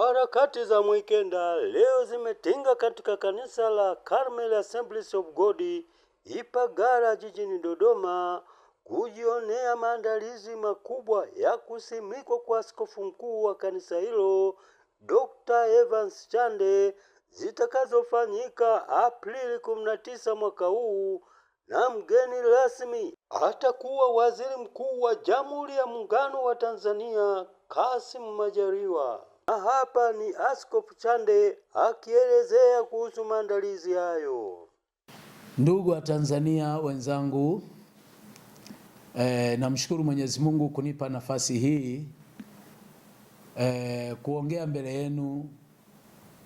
Harakati za mwikenda leo zimetinga katika kanisa la Carmel Assemblies of God Ipagala jijini Dodoma kujionea maandalizi makubwa ya kusimikwa kwa askofu mkuu wa kanisa hilo Dr. Evans Chande zitakazofanyika Aprili 19 mwaka huu, na mgeni rasmi atakuwa Waziri Mkuu wa Jamhuri ya Muungano wa Tanzania Kassim Majaliwa. Hapa ni Askofu Chande akielezea kuhusu maandalizi hayo. Ndugu wa Tanzania wenzangu, eh, namshukuru Mwenyezi Mungu kunipa nafasi hii eh, kuongea mbele yenu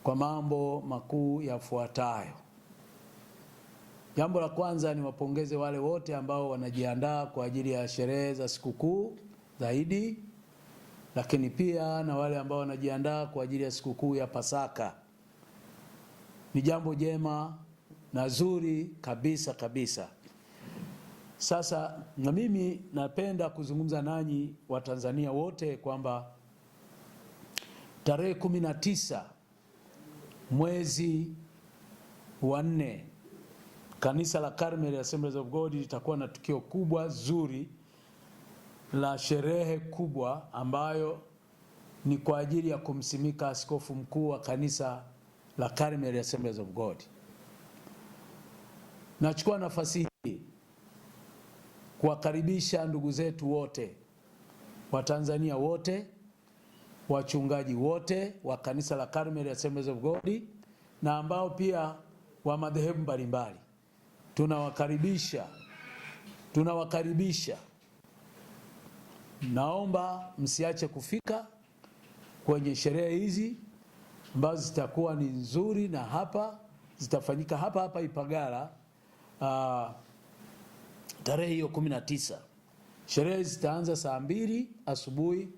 kwa mambo makuu yafuatayo. Jambo la kwanza ni wapongeze wale wote ambao wanajiandaa kwa ajili ya sherehe za sikukuu za lakini pia na wale ambao wanajiandaa kwa ajili ya sikukuu ya Pasaka. Ni jambo jema na zuri kabisa kabisa. Sasa na mimi napenda kuzungumza nanyi Watanzania wote kwamba tarehe 19 mwezi wa nne kanisa la Carmel Assemblies of God litakuwa na tukio kubwa zuri la sherehe kubwa ambayo ni kwa ajili ya kumsimika askofu mkuu wa kanisa la Carmel Assemblies of God. Nachukua nafasi hii kuwakaribisha ndugu zetu wote, Watanzania wote, wachungaji wote wa kanisa la Carmel Assemblies of God na ambao pia wa madhehebu mbalimbali, tunawakaribisha tunawakaribisha Naomba msiache kufika kwenye sherehe hizi ambazo zitakuwa ni nzuri na hapa zitafanyika hapa hapa Ipagala ah, tarehe hiyo 19. Sherehe zitaanza saa mbili asubuhi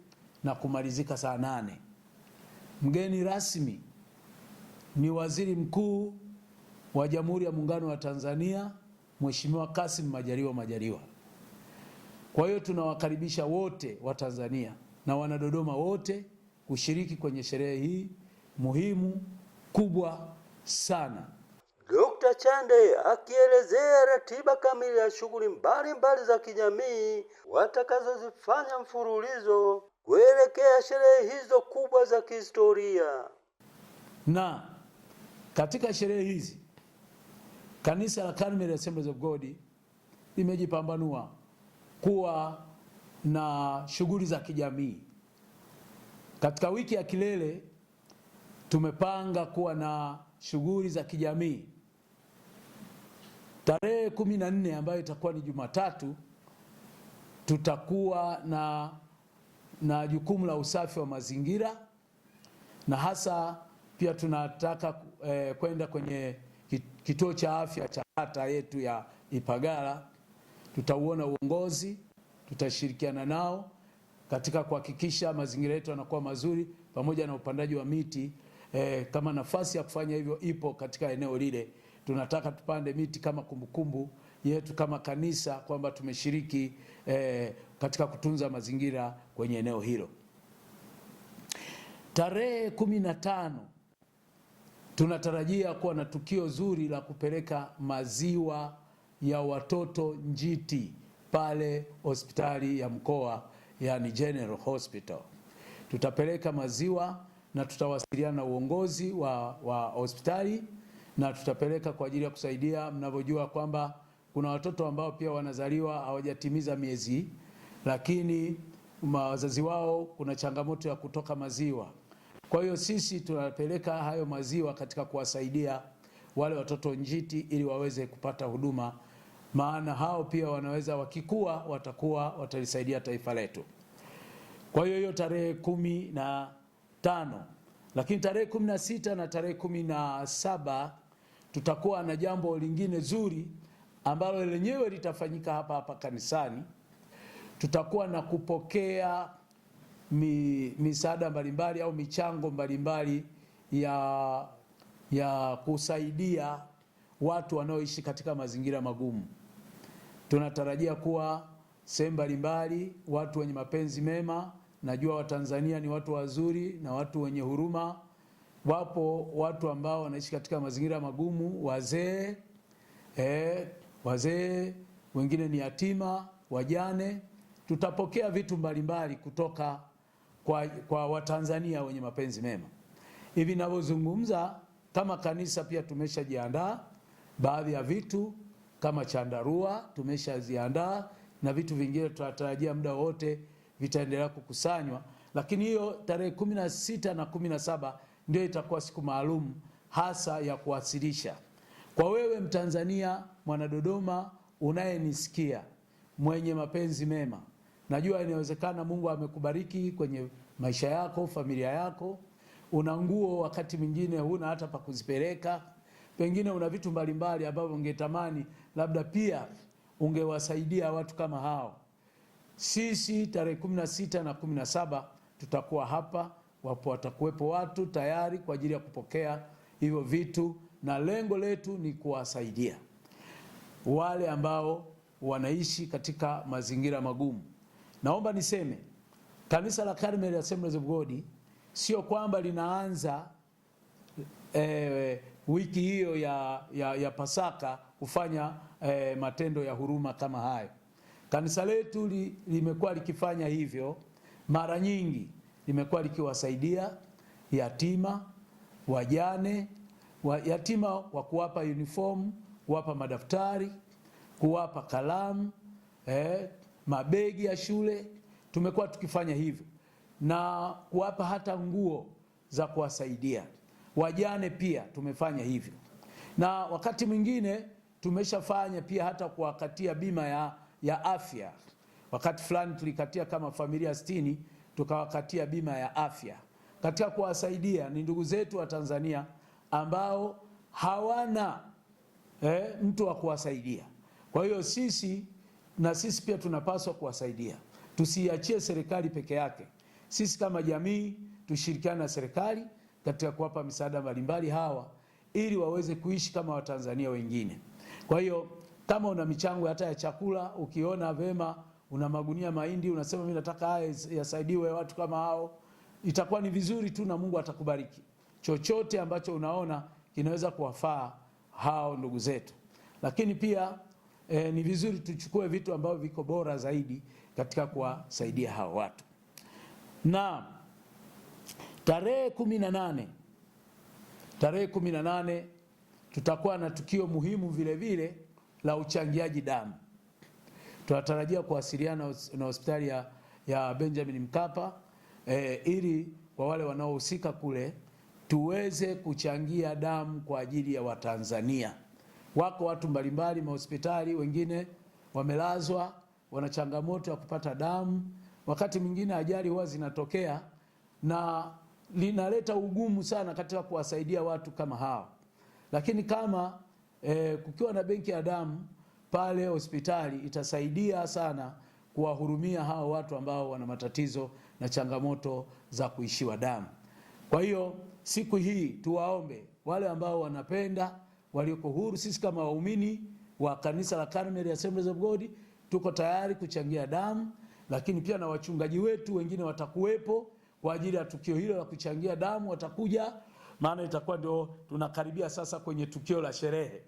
na kumalizika saa nane. Mgeni rasmi ni Waziri Mkuu wa Jamhuri ya Muungano wa Tanzania Mheshimiwa Kassim Majaliwa Majaliwa. Kwa hiyo tunawakaribisha wote wa tanzania na Wanadodoma wote kushiriki kwenye sherehe hii muhimu kubwa sana. Dr. Chande akielezea ratiba kamili ya shughuli mbalimbali za kijamii watakazozifanya mfululizo kuelekea sherehe hizo kubwa za kihistoria. Na katika sherehe hizi kanisa la Carmel Assemblies of God limejipambanua kuwa na shughuli za kijamii. Katika wiki ya Kilele tumepanga kuwa na shughuli za kijamii tarehe kumi na nne ambayo itakuwa ni Jumatatu, tutakuwa na, na jukumu la usafi wa mazingira na hasa pia tunataka eh, kwenda kwenye kituo cha afya cha kata yetu ya Ipagala tutauona uongozi, tutashirikiana nao katika kuhakikisha mazingira yetu yanakuwa mazuri, pamoja na upandaji wa miti e, kama nafasi ya kufanya hivyo ipo katika eneo lile, tunataka tupande miti kama kumbukumbu yetu kama kanisa kwamba tumeshiriki e, katika kutunza mazingira kwenye eneo hilo. Tarehe kumi na tano tunatarajia kuwa na tukio zuri la kupeleka maziwa ya watoto njiti pale hospitali ya mkoa, yani General Hospital. Tutapeleka maziwa na tutawasiliana na uongozi wa, wa hospitali na tutapeleka kwa ajili ya kusaidia. Mnavyojua kwamba kuna watoto ambao pia wanazaliwa hawajatimiza miezi, lakini wazazi wao kuna changamoto ya kutoka maziwa. Kwa hiyo sisi tunapeleka hayo maziwa katika kuwasaidia wale watoto njiti ili waweze kupata huduma maana hao pia wanaweza wakikua, watakuwa watalisaidia taifa letu. Kwa hiyo hiyo tarehe kumi na tano, lakini tarehe kumi na sita na tarehe kumi na saba tutakuwa na jambo lingine zuri ambalo lenyewe litafanyika hapa hapa kanisani. Tutakuwa na kupokea mi, misaada mbalimbali au michango mbalimbali ya, ya kusaidia watu wanaoishi katika mazingira magumu. Tunatarajia kuwa sehemu mbalimbali watu wenye mapenzi mema. Najua Watanzania ni watu wazuri na watu wenye huruma. Wapo watu ambao wanaishi katika mazingira magumu, wazee eh, wazee wengine ni yatima, wajane. Tutapokea vitu mbalimbali kutoka kwa, kwa Watanzania wenye mapenzi mema. Hivi ninavyozungumza kama kanisa pia tumeshajiandaa baadhi ya vitu kama chandarua tumeshaziandaa na vitu vingine tunatarajia muda wote vitaendelea kukusanywa, lakini hiyo tarehe kumi na sita na kumi na saba ndio itakuwa siku maalum hasa ya kuwasilisha. Kwa wewe Mtanzania, mwanadodoma unayenisikia, mwenye mapenzi mema, najua inawezekana Mungu amekubariki kwenye maisha yako, familia yako, una nguo, wakati mwingine huna hata pa kuzipeleka pengine una vitu mbalimbali ambavyo ungetamani labda pia ungewasaidia watu kama hao. Sisi tarehe kumi na sita na kumi na saba tutakuwa hapa, wapo watakuwepo watu tayari kwa ajili ya kupokea hivyo vitu, na lengo letu ni kuwasaidia wale ambao wanaishi katika mazingira magumu. Naomba niseme kanisa la Karmeli Assemblies of God sio kwamba linaanza eh, wiki hiyo ya, ya, ya Pasaka kufanya eh, matendo ya huruma kama hayo. Kanisa letu li, limekuwa likifanya hivyo mara nyingi, limekuwa likiwasaidia yatima, wajane wa, yatima wa kuwapa uniform, kuwapa madaftari, kuwapa kalamu eh, mabegi ya shule. Tumekuwa tukifanya hivyo na kuwapa hata nguo za kuwasaidia. Wajane pia tumefanya hivyo, na wakati mwingine tumeshafanya pia hata kuwakatia bima ya, ya afya. Wakati fulani tulikatia kama familia sitini tukawakatia bima ya afya katika kuwasaidia ni ndugu zetu wa Tanzania ambao hawana eh, mtu wa kuwasaidia. Kwa hiyo sisi na sisi pia tunapaswa kuwasaidia, tusiachie serikali peke yake. Sisi kama jamii tushirikiane na serikali katika kuwapa misaada mbalimbali hawa ili waweze kuishi kama Watanzania wengine. Kwa hiyo kama una michango hata ya chakula, ukiona vema, una magunia mahindi, unasema mimi nataka haya yasaidiwe watu kama hao, itakuwa ni vizuri tu na Mungu atakubariki. Chochote ambacho unaona kinaweza kuwafaa hao ndugu zetu, lakini pia e, ni vizuri tuchukue vitu ambavyo viko bora zaidi katika kuwasaidia hao watu na Tarehe kumi na nane tarehe kumi na nane tutakuwa na tukio muhimu vile vile la uchangiaji damu. Tunatarajia kuwasiliana na hospitali ya, ya Benjamin Mkapa e, ili kwa wale wanaohusika kule tuweze kuchangia damu kwa ajili ya Watanzania. Wako watu mbalimbali mahospitali, wengine wamelazwa, wana changamoto ya kupata damu. Wakati mwingine ajali huwa zinatokea na linaleta ugumu sana katika kuwasaidia watu kama hawa. Lakini kama e, kukiwa na benki ya damu pale hospitali itasaidia sana kuwahurumia hao watu ambao wana matatizo na changamoto za kuishiwa damu. Kwa hiyo siku hii tuwaombe wale ambao wanapenda walioko huru. Sisi kama waumini wa kanisa la Carmel Assemblies of God tuko tayari kuchangia damu, lakini pia na wachungaji wetu wengine watakuwepo kwa ajili ya tukio hilo la kuchangia damu watakuja, maana itakuwa ndio tunakaribia sasa kwenye tukio la sherehe.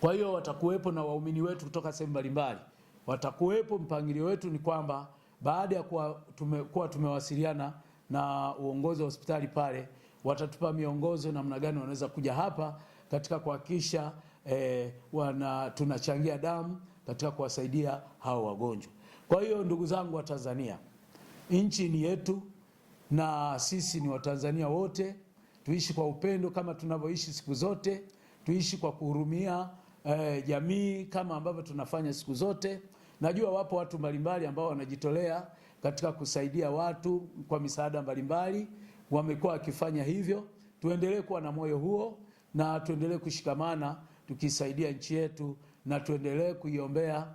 Kwa hiyo watakuwepo na waumini wetu kutoka sehemu mbalimbali watakuwepo. Mpangilio wetu ni kwamba baada ya kuwa tume, tumewasiliana na uongozi wa hospitali pale, watatupa miongozo namna gani wanaweza kuja hapa katika kuhakikisha eh, wana tunachangia damu katika kuwasaidia hao wagonjwa. Kwa hiyo ndugu zangu wa Tanzania Nchi ni yetu na sisi ni Watanzania wote, tuishi kwa upendo kama tunavyoishi siku zote, tuishi kwa kuhurumia e, jamii kama ambavyo tunafanya siku zote. Najua wapo watu mbalimbali ambao wanajitolea katika kusaidia watu kwa misaada mbalimbali, wamekuwa wakifanya hivyo. Tuendelee kuwa na moyo huo na tuendelee kushikamana tukisaidia nchi yetu na tuendelee kuiombea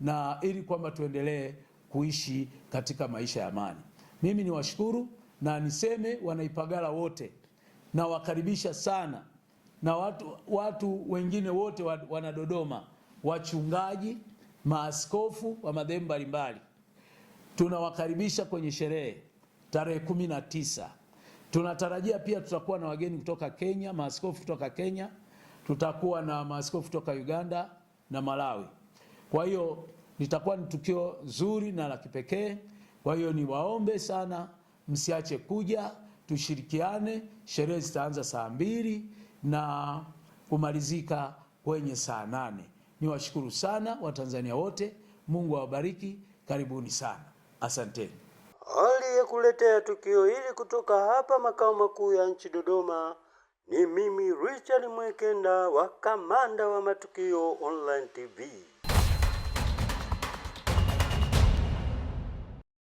na ili kwamba tuendelee kuishi katika maisha ya amani. Mimi niwashukuru na niseme wanaipagala wote nawakaribisha sana na watu, watu wengine wote wanadodoma, wachungaji, maaskofu wa madhehebu mbalimbali tunawakaribisha kwenye sherehe tarehe kumi na tisa. Tunatarajia pia tutakuwa na wageni kutoka Kenya, maaskofu kutoka Kenya, tutakuwa na maaskofu kutoka Uganda na Malawi. Kwa hiyo litakuwa ni tukio zuri na la kipekee. Kwa hiyo niwaombe sana, msiache kuja, tushirikiane. Sherehe zitaanza saa mbili na kumalizika kwenye saa nane. Niwashukuru sana Watanzania wote, Mungu awabariki. Karibuni sana, asanteni. Aliyekuletea tukio hili kutoka hapa makao makuu ya nchi Dodoma ni mimi Richard Mwekenda wa Kamanda wa Matukio Online TV.